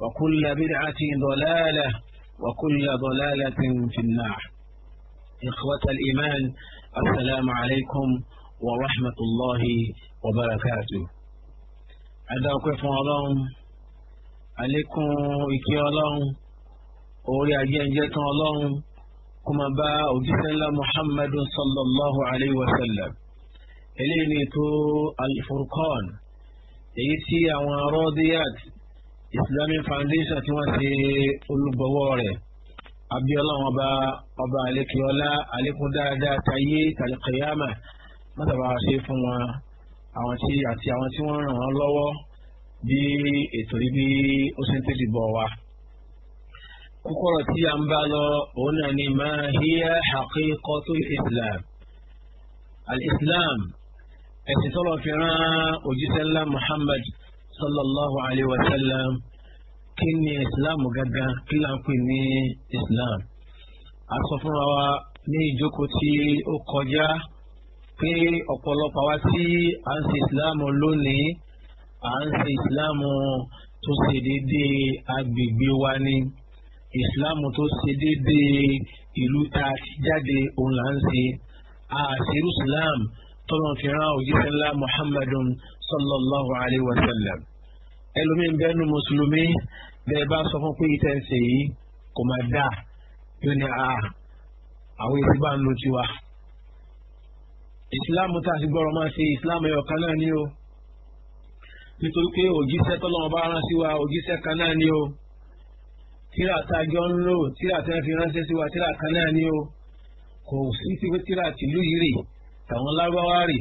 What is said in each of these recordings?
وكل بدعة ضلالة وكل ضلالة في النار إخوة الإيمان السلام عليكم ورحمة الله وبركاته أدعو كيف الله عليكم إكي الله أولي أجين جيتم الله كما باء جسل محمد صلى الله عليه وسلم إليني تو الفرقان إيتي أو أراضيات islamic foundation tí wọ́n ṣe olùgbọ́wọ́ rẹ̀ abiola wọn bá ọba alekiola alekun dáadáa tayé talikiyama mọ́tàbá ṣe fún wọn àwọn tí àti àwọn tí wọ́n ràn wọ́n lọ́wọ́ bí ètò rí bí ó ṣe ń tètè bọ̀ wá. kókó tí a ń bá lọ òun náà ni ma hiya haqiqatul islam al-islam ẹ̀sìn tọ́lọ̀ fi rán òjíṣẹ́ ńlá muhammad sallallahu alayhi wa sallam kí ni islam gangan kí là ń pè ní islam a sọ fúnra wa ní ìjókòó tí ó kọjá pé ọ̀pọ̀lọpọ̀ àwa tí à ń ṣe islam lónìí à ń ṣe islam tó ṣe déédéé agbègbè wa ni islam tó ṣe déédéé ìlú tá jáde òun là ń ṣe àṣírí islam tọ́lọ́n fi rán òjíṣẹ́ ńlá muhammadun sallallahu alayhi wa sallam ẹlòmíì ń bẹ́ẹ̀ nu mùsùlùmí bẹ́ẹ̀ bá sọ fún pé ìtẹ̀ ṣe yìí kò máa dà yóò ní a ah, àwọn èsì bá ń lo tiwa. ìsìláàmù tá a ti gbọ́rọ̀ máa ṣe ìsìláàmù ẹ̀yọ̀ kan náà ni o nítorí pé òjíṣẹ́ tọ́lọ́wọ́n bá rán sí wa òjíṣẹ́ kan náà ni o tíra tájọ́ ń lò tíra tẹ́ fi ránṣẹ́ sí wa tíra kan náà ni o kò sí ti pé tíra tìlú yìí rè tàwọn lárúbáwá rè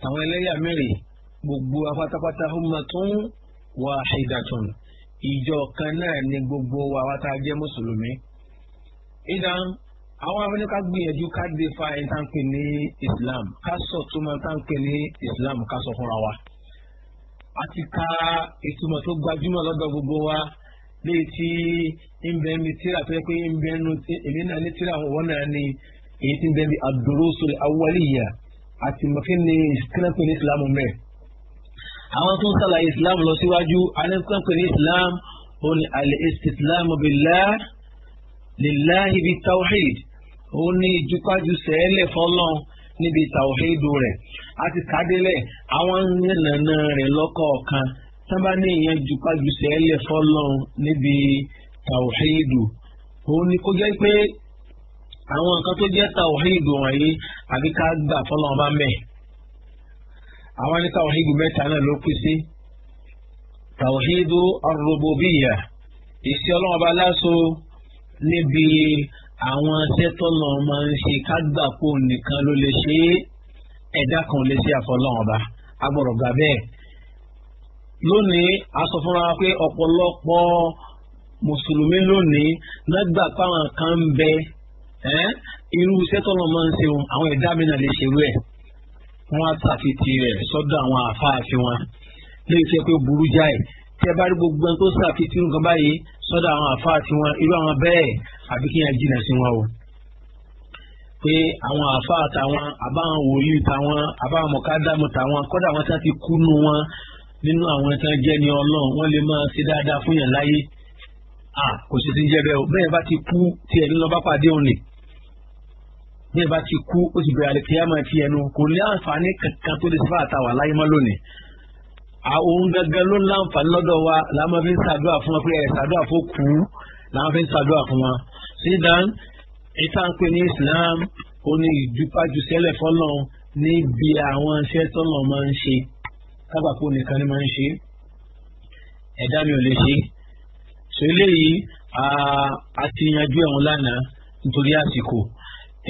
tàwọn ẹlẹ́yàmẹ̀rè gbogbo apátápátá ummatun wahidatun ìjọ kan náà ni gbogbo àwa tá a jẹ́ mùsùlùmí. ìdán àwọn afẹ́nìká gbìyànjú ká dé fa ẹni ní islam ká sọ túmọ̀ tá ní islam ká sọ fúnra wa. a ti ka ìtumọ̀ tó gbajúmọ̀ lọ́dọ̀ gbogbo wa léyìí tí ń bẹ mi tíra tó yẹ pé ń bẹ nu èmi náà ní tíra wọn náà ni èyí tí ń bẹ mi ad-durusul awwaliyya àti mọ̀fín ni náà pè ní islam mẹ́ẹ̀ àwọn tó ń sàlàyé islam lọ síwájú anẹ́sán pè ní islam òun ni al-istislam billah lillahi bi tawhid òun ni ìjùkájú sẹ́ẹ̀lẹ̀ fọlọ́n níbi tàwíìdù rẹ̀ àti kádélẹ̀ àwọn yànnànà rẹ̀ lọ́kọ̀ọ̀kan sábà ní ìyẹn jùkájú sẹ́ẹ̀lẹ̀ fọlọ́n níbi tàwíìdù òun ni kó jẹ́ pé àwọn nǹkan tó jẹ́ tàwíìdù wọ̀nyí àbí gbà fọlọ́n bá mẹ́ẹ̀ àwọn ní tàwọ̀hídù mẹ́ta náà ló pín sí tàwọ̀hídù ar-rububiyyah ìsìn ọlọ́run ọba láṣọ níbi àwọn sẹ́tọ̀nà máa ń ṣe kágbàpọ̀ nìkan ló lè ṣe é ẹ̀dá kan lè ṣe àfọlọ́run ọba agbọ̀rọ̀ gbà bẹ́ẹ̀ lónìí a sọ fúnra wa pé ọ̀pọ̀lọpọ̀ mùsùlùmí lónìí lágbà páwọn kan ń bẹ irú sẹ́tọ̀nà máa ń ṣe àwọn ẹ̀dá mìíràn lè ṣerú ẹ̀ wọ́n á ṣàfihàn rẹ̀ sọ́dọ̀ àwọn àfáàfin wọn léyìí tó yẹ pé burú jáì tẹ bá rí gbogbo ẹni tó ṣàfihàn nǹkan báyìí sọ́dọ̀ àwọn àfáàfin wọn irú àwọn bẹ́ẹ̀ àbí kí n yà jìnnà sí wọn o pé àwọn àfáà tàwọn àbáwọn wòlíì tàwọn àbáwọn mọ̀kádámù tàwọn kọ́dà wọn sá ti kúnú wọn nínú àwọn ẹ̀tàn jẹ́ ni ọlọ́run wọ́n lè máa ṣe dáadáa fún yàn láyé kò sì ti jẹ́ bẹ́ẹ̀ o bẹ́ẹ̀ bá ti kú tiẹ̀ nínú ọba ní ìbá ti kú ó ti bẹ̀rẹ̀ àlẹ́kẹ́yàmọ̀ ti ẹnu kò ní àǹfààní kankan tó lè ṣe fáàtà wà láyé mọ́ lónìí. àwọn gangan ló ń láǹfààní lọ́dọ̀ wa làwọn máa fi ń ṣàdúrà fún wọn pé ẹ̀ ṣàdúrà fún kú làwọn fi ń ṣàdúrà fún wọn. sídán ìtànpé ní Islam ó ní ìdúpájú sẹ́lẹ̀ fọ́lọ́ níbi àwọn iṣẹ́ tọ́lọ̀ máa ń ṣe kábàkó nìkan ni máa ń ṣe ẹ̀dá mi ò lè ṣe ṣe eléyìí àti yanjú ẹ̀wọ̀n lánàá nítorí àsìkò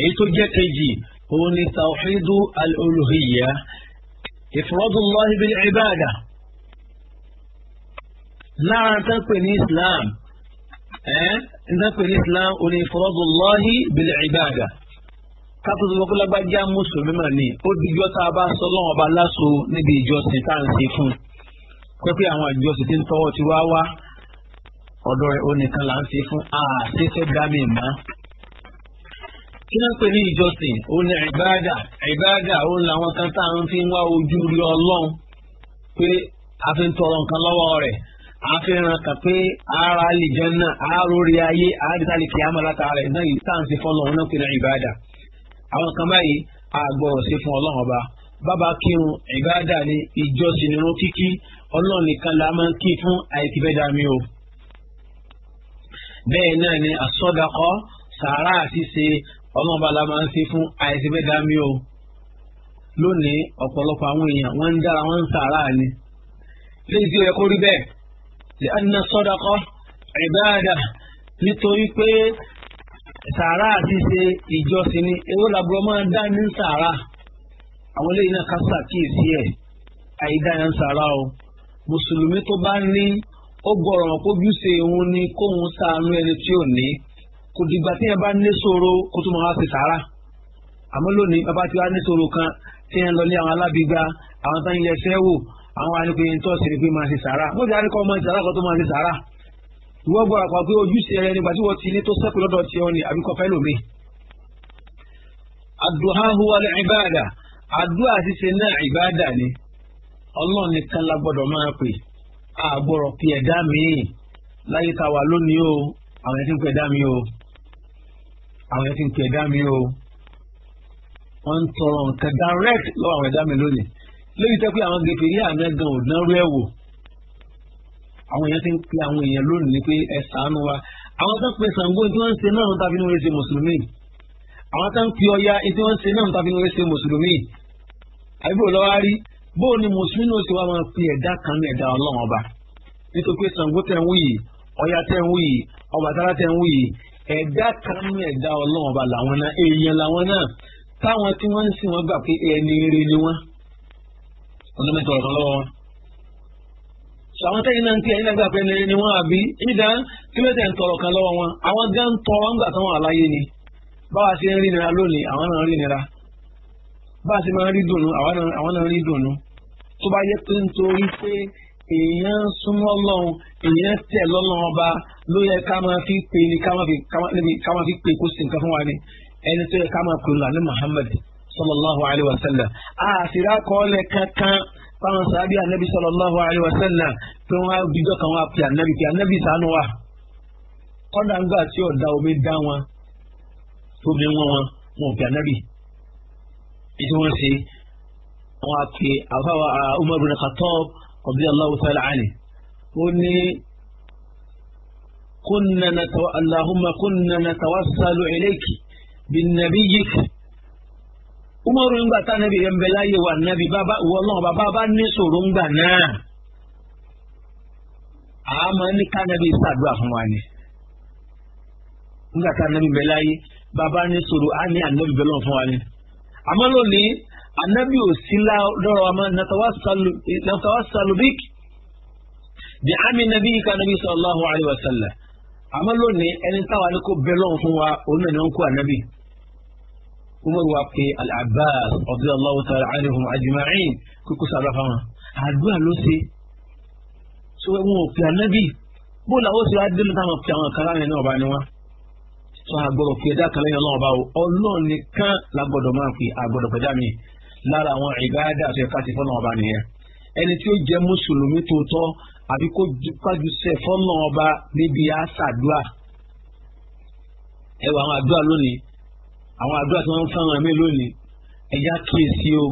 èyí tó jẹ́ kejì òun ni tawhidu al-uluhiyya ifradu Allahi bil ibada lára tán pè ní Islam tán pè ní Islam òun ni ifradu Allahi ibada kátó tó fọkúlá bá já mùsùlùmí mà ní ó dijọ́ tá a bá sọ lọ́wọ́ ọba láṣọ níbi ìjọsìn tá à ń ṣe fún pẹ́pẹ́ àwọn ìjọsìn tí ń tọ́wọ́ ti wá wá ọ̀dọ́ rẹ̀ ó nìkan là ń ṣe fún àṣẹ́fẹ́ dá mi mọ́ kí náà pè ní ìjọsìn òun ni ìbáàdà ìbáàdà òun làwọn kan tá à ń fi wá ojú rí ọlọ́run pé a fi ń tọrọ nǹkan lọ́wọ́ rẹ̀ a fi ràn kàn pé ara lè jẹ́ náà aró rí ayé àádìsá lè kí á máa látara rẹ̀ náà yìí tá à ń ṣe fún ọlọ́run náà pè ní ìbáàdà àwọn kan báyìí a gbọ́dọ̀ ṣe fún ọlọ́run ọba bàbá kírun ìbáàdà ni ìjọsìn nínú kíkí ọlọ́run nìkan la máa ń kí fún àìkíbẹ́dà o ọlọ́run bá la máa ń ṣe fún àìsí bẹ́ẹ̀ dá mi o lónìí ọ̀pọ̀lọpọ̀ àwọn èèyàn wọ́n ń dára wọ́n ń sàárà ni léyìí tí ó yẹ kó rí bẹ́ẹ̀ lè ana sọ́dọ̀kọ́ ìbáàdà nítorí pé sàárà ti ṣe ìjọsìn ni ewé làbúrò máa dá ní sàárà àwọn eléyìí náà ká ṣàkíyèsí ẹ̀ àìdá yẹn ń sàárà o mùsùlùmí tó bá ní ó gbọ́rọ̀ kó bí ṣe òun ni kóun ṣàánú ẹni tí ò ní. kò dìgbà tí yẹn bá ní ṣòro kó tó máa ṣe sàárà àmọ́ lónìí bàbá tí wàá ní ṣòro kan tí yẹn lọ ní àwọn alábìgbà àwọn tán ilé ẹsẹ̀ wò àwọn anìpéyìn tó pé máa ṣe sàárà bó ti kọ́ kó tó máa ìwọ pé ojúṣe nígbà tí wọ́n ti ní tó sẹ́kù lọ́dọ̀ ni àbí kọ́ fẹ́ lómi. àwọn yẹn ti ń pè ẹ̀dá mi o wọ́n ń tọrọ nǹkan direct lọ́wọ́ àwọn ẹ̀dá mi lónìí lórí tẹ́ pé àwọn gèfèrí àmì gan ò dánrú ẹ̀ wò àwọn èèyàn ti ń pe àwọn èèyàn lónìí pé ẹ ṣàánú wa àwọn tó ń pe Ṣàngó tí wọ́n ń ṣe náà tàbí ní wọ́n ṣe mùsùlùmí àwọn tó ń pe Ọya tí wọ́n ń ṣe náà tàbí ní wọ́n ṣe mùsùlùmí àbíbò lọ́wọ́ rí bó ni mùsùlùmí náà ṣe wá máa pe ẹ̀dá kan ní ẹ̀dá Ọlọ́run ọba nítorí pé Ṣàngó tẹ̀ ń wí yìí Ọya tẹ̀ ń wí yìí Ọbàtálá tẹ̀ ń wí yìí ẹ̀dá kan ní ẹ̀dá ọlọ́run ọba làwọn náà èèyàn làwọn náà táwọn tí wọ́n ń sìn wọ́n gbà pé ẹni eré ni wọ́n ọlọ́mọdé ọ̀rọ̀ lọ́wọ́ wọn. sàwọn tẹ́yìn náà ń tí ẹ̀yìn náà gbà pé ẹni eré ni wọ́n àbí nígbà tí wọ́n tẹ̀ ń tọrọ kan lọ́wọ́ wọn àwọn gan ń tọrọ ń gbà tán wọn ni báwa ṣe ń rí nira lónìí àwọn náà ń rí nira báwa ṣe máa ń rí dùnú àwọn náà ń rí dùnú tó bá yẹ èèyàn ń súnmọ́ lọ́hùn èèyàn tẹ̀ lọ́nà ọba ló yẹ ká máa fi pè ní ká máa fi pè kó sì nǹkan fún wa ni ẹni tó yẹ ká máa pè lọ ní Muhammad sallallahu alayhi wa sallam àṣírí akọọlẹ kankan fáwọn sábẹ́ anabi sallallahu alayhi wa sallam pé wọ́n á bíjọ́ kan wá pè anabi pé anabi sànú wa kọ́dà ńgbà tí ọ̀dà omi dá wọn tóbi wọn wọn wọn ò pè anabi ètò wọn ṣe wọn á pè àfáwà uh, Umar bin Khattab ọ̀bí aláwọ̀ sálà àní ó ní aláhùmá kúnnà na tawásálù ẹlẹ́kì bí nàbí yìí umaru ń gbà tá nàbí yẹn bẹ láyé wà nàbí wọlọ́n bàbá bá ní sòrò ń gbà náà àmọ́ ní ká nàbí sàdúrà fún wa ni ń gbà tá nàbí bẹ láyé bàbá ní sòrò á ní ànábì bẹ lọ́n fún wa ni àmọ́ lónìí anabi ò sí lọ́rọ̀ àmọ́ natawassalu bik bi ami nabi ika nabi sallallahu alayhi wa sallam àmọ́ lónìí ẹni táwa ni kò bẹ lọ́wọ́ fún wa òun náà ni wọ́n kó anabi umar wa pe al-abbas radiyallahu ta'ala anhum ajma'in kókó sábà fáwọn àdúrà ló ṣe so wọn ò pe anabi bó làwọn ṣe wá dé lóta wọn pe àwọn kan láàrin náà ọba ni wọn sọ àgbọ̀rọ̀ pé ẹ̀dá kan lẹ́yìn ọlọ́ọ̀ba o ọlọ́ọ̀ nìkan làgbọ̀dọ̀ máa fi àgbọ̀dọ̀ pẹ̀dá mi lára àwọn ìbáradà tó yẹ ká ti fọ́nà ọba nìyẹn ẹni tí ó jẹ́ mùsùlùmí tòótọ́ àbí kó kájú sẹ̀ fọ́nà ọba níbi àṣàdúà ẹ wọ àwọn àdúà lónìí àwọn àdúà tí wọ́n ń fẹ́ràn mí lónìí ẹ̀yà kíyèsí o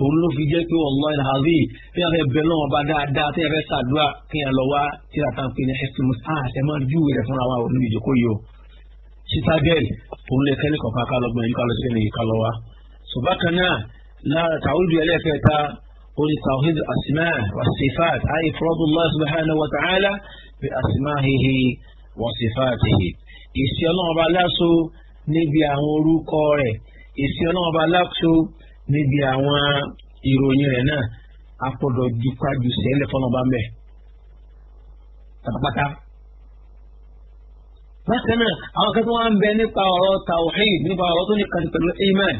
òun ló fi jẹ́ pé wallahi alazim bí wọ́n fẹ́ bẹ náà ọba dáadáa tí wọ́n fẹ́ ṣàdúà kí wọ́n lọ wá tíra kan pé ní ẹ̀sìn musa àṣẹ máa ju rẹ̀ fúnra wa òun ìjòkó yìí o citadel òun lè kẹ́ ní kọ̀ọ̀kan ká lọ gbọ̀n yìí ká lọ sí ẹ̀yìn ká lọ wá ṣùgbọ́n kan náà lára tàwídù ẹlẹ́kẹta orí tàwídù àsìmá wàsífàt àyè fúrọ́dù Allah subhanahu wa ta'ala bí àsìmáhìhì wàsífàtìhì. ìsì ọlọ́ọ̀ba láṣọ níbi àwọn orúkọ rẹ̀ ìsì ọlọ́ọ̀ba láṣọ níbi àwọn ìròyìn rẹ̀ náà akpọ̀dọ̀ dukadu sẹ́lẹ̀ fọlọ́ba mẹ́ pátápátá. bákan náà àwọn akẹ́kọ̀ọ́ wa ń bẹ nípa ọ̀rọ̀ tàwíìd nípa ọ̀rọ̀ tó ní kàdí pẹ̀lú iman